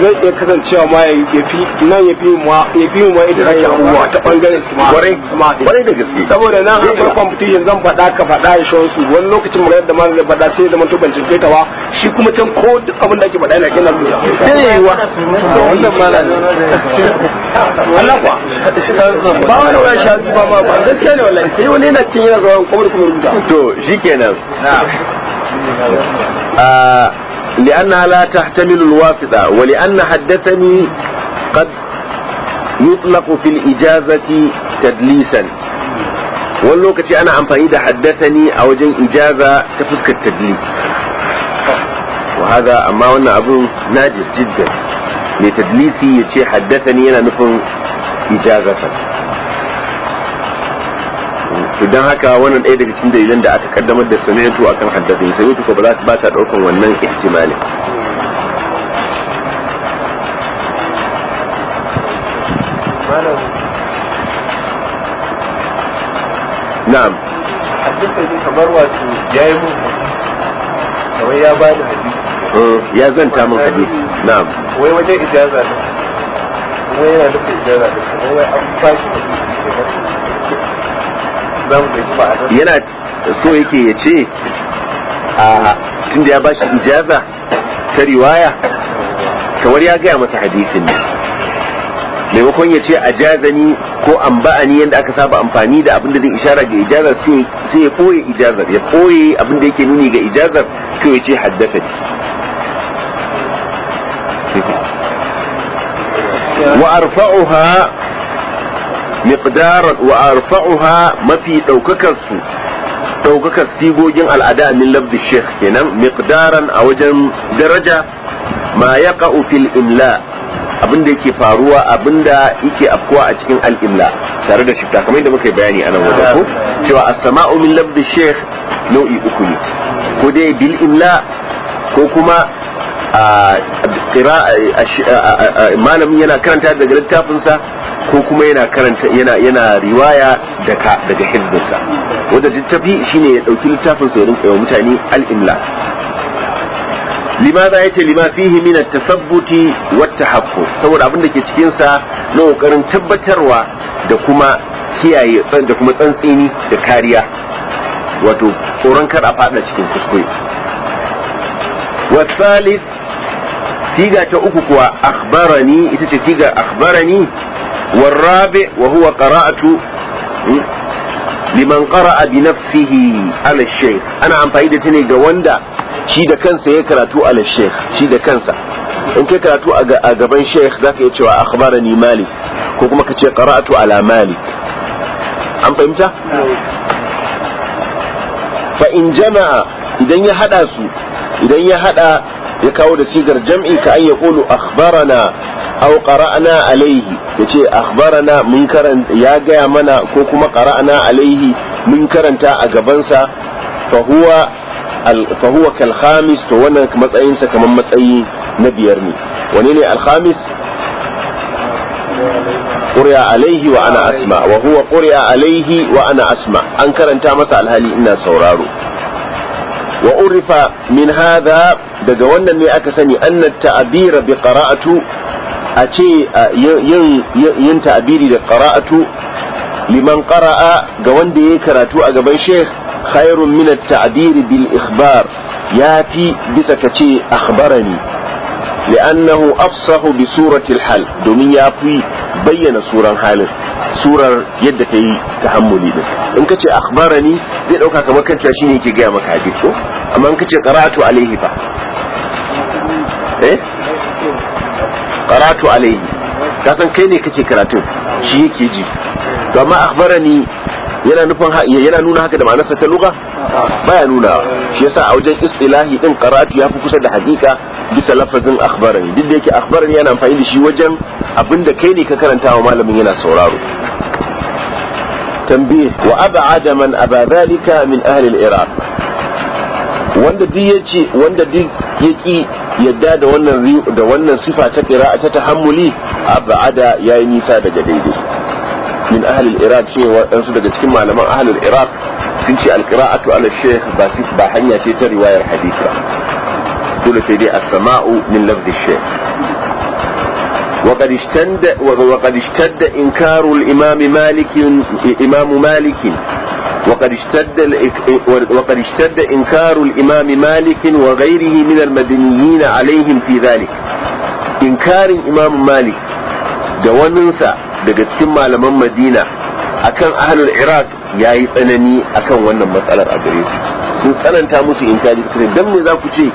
zai iya kasancewa ma ya yi fi nan ya fi ma ya fi ma ita rake abubuwa ta bangaren su ma kwarai da gaske saboda nan an ga competition zan faɗa ka faɗa ya shawar su wani lokacin maganar da zai faɗa sai da mutum bancin kai tawa shi kuma can ko duk abin da ake faɗa yana kina zuciya sai yayi wa wannan malam Allah kwa ba wani wani sha ba ba ba gaskiya ne wallahi sai wani yana cin yana zuwa kuma kuma rubuta to shikenan na'am ah, لأنها لا تحتمل الواسطة ولأن حدثني قد يطلق في الإجازة تدليسا واللوكتي أنا عم فايدة حدثني أو جن إجازة تفسك التدليس وهذا أما وانا أبو نادر جدا لتدليسي يتشي حدثني أنا نفهم إجازة to dan haka wannan ɗaya daga cikin dalilan da aka kaddamar da sanayatu akan haddadin sanayatu ko ba ba ta daukan wannan ihtimali na'am hadisi kamar wato yayi mun kamar ya bani hadisi eh, ya zanta mun hadisi na'am wai wajen ijaza ne wai yana nufin ijaza ne wai an bashi da. yana so yake ya ce a da ya ba shi ijaza ta riwaya kamar ya gaya masa hadisin ne maimakon ya ce a jazani ko an ba'ani yadda aka saba amfani da abin da zai ishara ga ijazar sai ya koye ijazar ya koye abinda da yake nuni ga ijazar ko ya ce haddasa ne wa arfa'uha miqdaran wa arfa'uha mafi daukakar su daukakar sigogin al'ada min labdi sheikh kenan miqdaran a wajen daraja ma yaqa'u fil imla abinda yake faruwa abinda yake afkuwa a cikin al'imla tare da shifta kamar yadda muka bayani a nan wajen ko cewa as-sama'u min labdi sheikh nau'i uku ne ko dai bil imla ko kuma qira'a malamin yana karanta daga littafinsa ko kuma yana karanta yana yana riwaya daga daga hizbinsa wanda littafi shine ya dauki littafin sa ya rinka mutane al-imla limaza yace lima fihi min at-tasabbuti at-tahaffu saboda abin da ke cikin sa na kokarin tabbatarwa da kuma kiyaye da kuma tsantsini da kariya wato tsoron kar a fada cikin kuskure والثالث siga ta uku kuwa akhbarani ita ce siga akhbarani warrabe wa huwa qira'atu hmm, liman qara'a bi nafsihi ala shaykh ana amfani da ta ne ga wanda shi da kansa ya karatu ala shaykh shi da kansa in kai karatu a gaban shaykh zaka iya cewa akhbarani malik ko kuma kace qara'atu ala malik an fahimta fa in jama'a idan ya hada su idan ya hada ya kawo da sigar jam'i ka an ya kulu akhbarana aw qara'na alaihi yace akhbarana mun karanta ya gaya mana ko kuma qara'na alaihi mun karanta a gaban sa fa huwa fa huwa kal khamis to wannan matsayin sa kaman matsayi na biyar ne wani ne al khamis quri'a alaihi wa ana asma wa huwa quri'a alaihi wa ana asma an karanta masa alhali ina sauraro wa urifa min hadha daga wannan ne aka sani annat ta'bira bi qira'atu a ce yin yin ta'biri da qira'atu liman qara'a ga wanda yake karatu a gaban sheikh khairun min at-ta'bir bil ikhbar yafi bisa kace akhbarani li'annahu afsahu bi surati al-hal domin yafi bayyana suran halin surar yadda kai tahammuli din in kace akhbarani zai dauka kamar shi ne yake ga maka hadisi amma in kace qara'atu alayhi fa karatu eh? qara'tu alayhi ka san kai ne kake karatu shi yake ji to amma akhbarani yana nufin yana nuna haka da ma'anarsa ta lugha baya nuna shi yasa a wajen istilahi din ya yafi kusa da hakika bisa lafazin akhbarani duk da yake akhbarani yana amfani da shi wajen abinda kai ne ka karanta wa malamin yana sauraro tambaye wa ab'ada man aba min ahli al-iraq wanda duk yace wanda duk yaki yadda da wannan da wannan sifa ta qira'a ta tahammuli abada yayi nisa daga daidai min ahli al-iraq cewa dan su daga cikin malaman ahli al-iraq sun ce al-qira'atu ala shaykh ba sif ba hanya ce ta riwayar hadisi ba dole sai dai as-sama'u min lafzi shaykh وقد اشتد وقد اشتد انكار الامام مالك امام مالك وقد اشتد وقد اشتد انكار الامام مالك وغيره من المدنيين عليهم في ذلك انكار امام مالك da waninsa daga cikin malaman madina akan ahlul iraq ya yi tsanani akan wannan matsalar a gare su sun tsananta musu inkari suka dan me za ku ce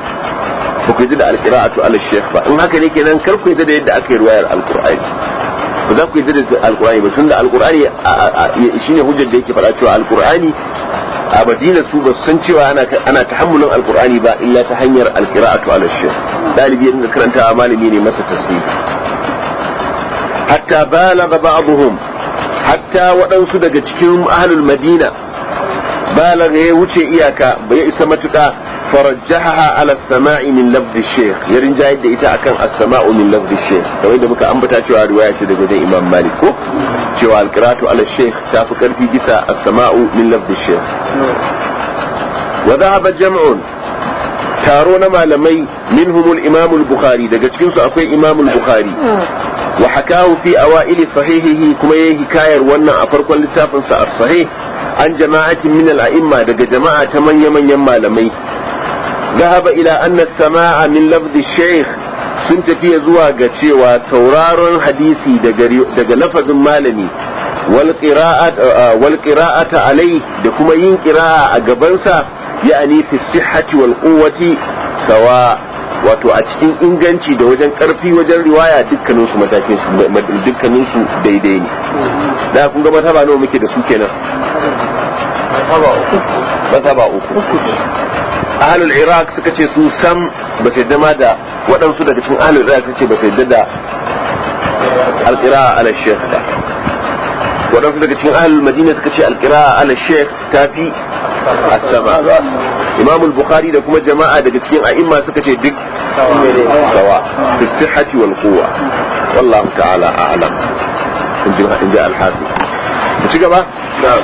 ba ku yi da alƙira'atu ala shekh ba in haka ne kenan kar ku yi da yadda aka yi ruwayar alƙur'ani ba za ku yi da alkur'ani ba tunda alkur'ani ne hujjar da yake fara cewa alkur'ani a madina su ba san cewa ana ana tahammulin alkur'ani ba illa ta hanyar alkira'atu ala shi dalibi yadda karanta malami ne masa tasiri hatta balagha ba'dhum hatta waɗansu daga cikin ahlul madina balagha ya wuce iyaka ba isa matuƙa farajjaha ala sama'i min lafzi shaykh yarin jayyid da ita akan as-sama'u min lafzi shaykh da wanda muka ambata cewa riwaya ce daga dai imam maliku cewa al-qira'atu ala shaykh karfi gisa as-sama'u min lafzi shaykh wa dhahaba jam'un taro na malamai minhumul imam al-bukhari daga cikinsu su akwai imam al-bukhari wa hakahu fi awa'ili sahihihi kuma yayi hikayar wannan a farkon littafin sa as-sahih an jama'atin min al-a'imma daga jama'a ta manyan manyan malamai zahaba ila anna sama'a من lafzi sheikh sun tafiya zuwa ga cewa sauraron hadisi daga lafazin malami wal qira'ata alai da kuma yin qira'a a gabansa ya'ani fi sihhati wal quwwati sawa wato a cikin inganci da wajen karfi wajen riwaya dukkanin su matakin su dukkanin su daidai ne da kun ga mataba nawa muke da su kenan mataba uku mataba uku ahlul iraq suka ce su sam ba su yadda da waɗansu daga cikin ahlul iraq suka ce ba su yadda da alƙira'a ala sheikh ba waɗansu daga cikin ahlul madina suka ce alƙira'a ala sheikh ta fi asama Imamul bukhari da kuma jama'a daga cikin a'imma suka ce duk sawa fi sihhati wal quwwa wallahu ta'ala a'lam in ji in ji alhafi ci gaba na'am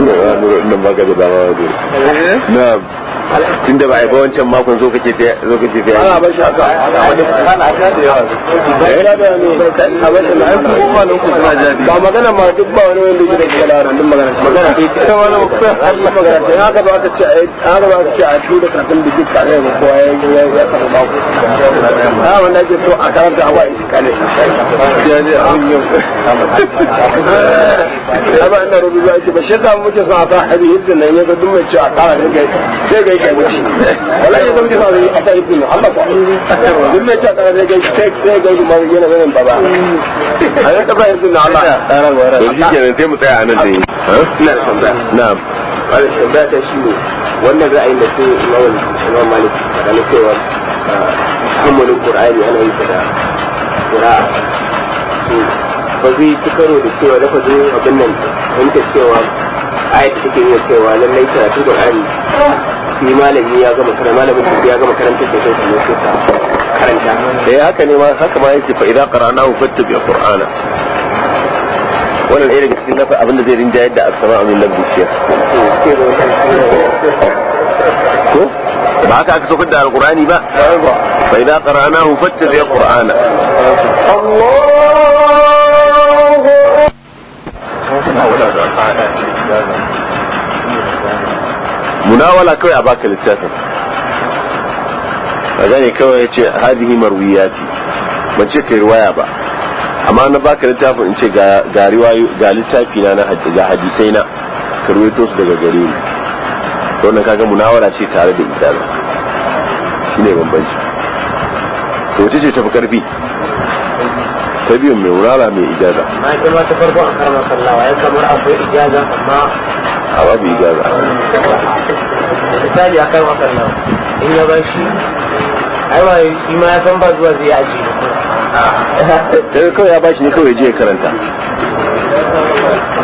nan ba ka da dama wajen na tun da ba a yi wancan makon zo kake ta zo kake ana ba shi haka da yawa eh? ba magana ma duk ba wani wanda da ke da magana magana wani magana haka ba ka ce haka ba ka ce a da duk kowa ya ya ba ku wanda ke so a karanta hawa kane ya ne ah, yau ba ina ake ba shi mu muke sa ta hadi yadda nan ya duk mai a kara ne kai sai kai kai wuce wallahi yadda muke son a ta hittin nan Allah ko duk mai a kara ne kai sai sai kai kuma yana ganin baba a ne ta sa hittin Allah ya tsara gora to shi kenan sai mu tsaya a nan dai na da tambaya na'am wani ta shi ne wannan ra'ayin da sai imam imam malik da na cewa kumulin ah, qur'ani ana yi da qira'a ba zai ci karo da cewa da lafazin abin nan yanke cewa ayat take ya cewa lallai karatu da ƙari shi malami ya gama karanta malamin tafi ya gama karanta da kai ne sai ka karanta eh haka ne ma haka ma yake fa idan qara'nahu fattabi qur'ana wannan ɗaya daga cikin nafa abinda zai rinja yadda asama amin lafzi ko ba haka aka saukar da alqur'ani ba fa idan qara'nahu fattabi qur'ana Allah munawala kawai a baka littafin a gane kawai ya ce hadihi marwiyati ban ce kai riwaya ba amma na baka littafin in ce ga riwayo ga littafi na na ga hadisai na ka to su daga gare ni wannan kaga munawara ce tare da ita shine bambanci to wace ce tafi karfi ta biyun mai wurara mai ijaza na ita ma ta farko a karama sallawa ya kamar akwai ijaza amma a babu ijaza misali a kan wakan nan in ya ban shi aiwa shi ma ya san ba zuwa zai aji kawai ya bashi ne kawai je karanta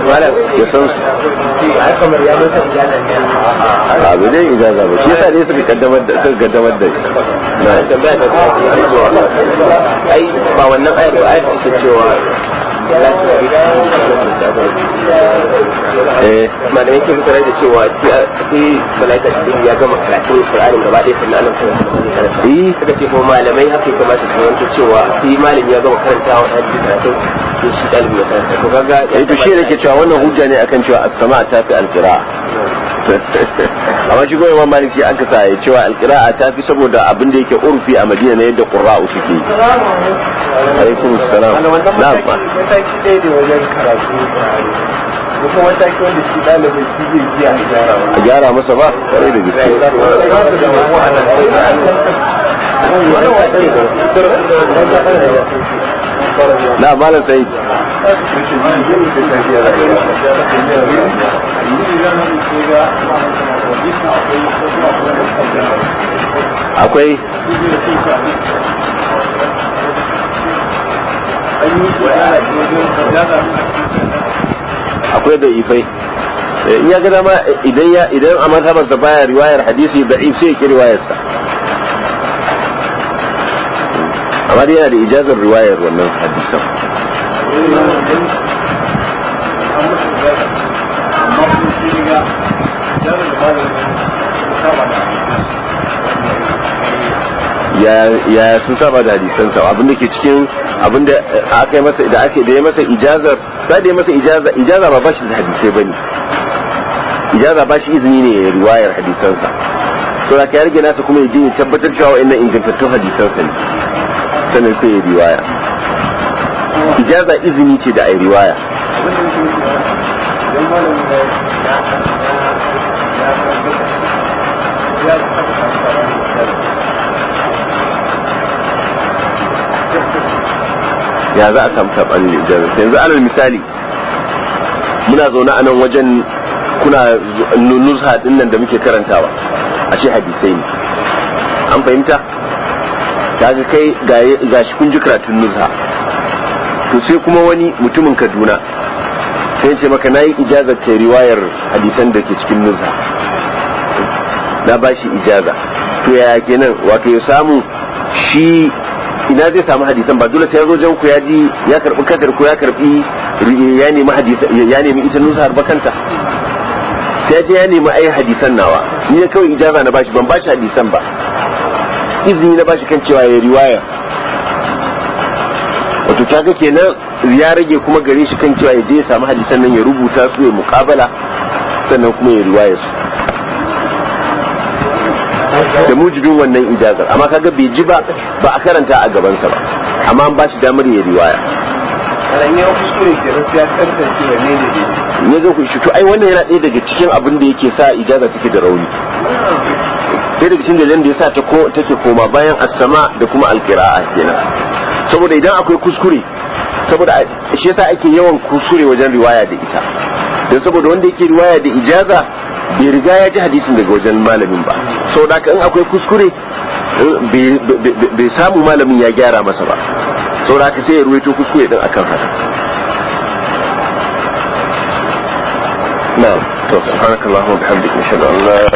malam ya san su ai ya a ba dai ijaza ba shi yasa ne suka kaddamar da suka kaddamar da ai ba wannan ayar ba ayar ta cewa malamai sun sanar da cewa sai malaika jibril ya gama karatun qur'anin gaba ɗaya sannan annabi sallallahu alaihi wasallam eh. suka ce ko malamai haka ya kamata su wanke cewa sai Malam ya gama karanta a cikin karatun to shi dalibi ya karanta to kaga eh to shi yake cewa wannan hujja ne akan cewa as-sama ta fi al-qira'a amma shi goyon malik shi aka sa ya cewa al-qira'a ta fi saboda abin da yake urfi a Madina ne yadda qurra'u suke alaikum salam na'am kuma wata da wanda shi ɗalibin shi zai biya a gyara a gyara masa ba tare da na malam sai akwai akwai da ifai eh, in ya ga dama idan ya idan a martabarsa baya riwayar hadisi da if sai ya ki riwayarsa amma dai yana da ijazar riwayar wannan hadisan amma ya sun saba da hadisan sa abinda da ke cikin abinda da aka yi masa da ake da ya masa ijaza ba da ya masa ijaza ijaza ba bashi da hadisai bane ijaza ba shi izini ne riwayar hadisan sa to da kai rage nasa kuma yaji tabbatar cewa wa'annan ingantattun hadisan sa ne sannan sai ya riwaya ijaza izini ce da ai riwaya ya za a samu saɓanin jansa yanzu alal misali muna zaune a nan wajen kuna nuzha din nan da muke karantawa a ce hadisai ne an fahimta ta ga kai ga shi kun ji karatun nuzha to sai kuma wani mutumin kaduna sai ce maka na yi ijazar kai riwayar hadisan da ke cikin nuzha na ba shi ijaza to yaya kenan wato ya samu shi ina zai samu hadisan ba dole sai ya zo jan ku ya ji ya karbi kadar ku ya karbi ya nemi hadisa ya nemi ita nusa har kanta sai ya ya nemi ayi hadisan nawa ni ne kawai ijaza na bashi ban bashi hadisan ba izini na bashi kan cewa ya riwaya wato kaga kenan ya rage kuma gare shi kan cewa ya je ya samu hadisan nan ya rubuta su ya muqabala sannan kuma ya riwaya su da mujibin wannan ijazar amma kaga bai ji ba ba a karanta a gabansa ba amma an bashi damar ya riwaya ne zai shi to ai wannan yana ɗaya daga cikin abin da yake sa ijaza take da rauni ɗaya daga cikin dalilan da sa ta ko take koma bayan asama da kuma al-qira'a kenan saboda idan akwai kuskure saboda shi yasa ake yawan kuskure wajen riwaya da ita don saboda wanda yake riwaya da ijaza bai riga ya ji hadisin daga wajen malamin ba sau da in akwai kuskure eh, bai samu malamin ya gyara masa ba sau da sai ya ruwaito kuskure din akan haka na to subhanakallahumma bihamdika inshallah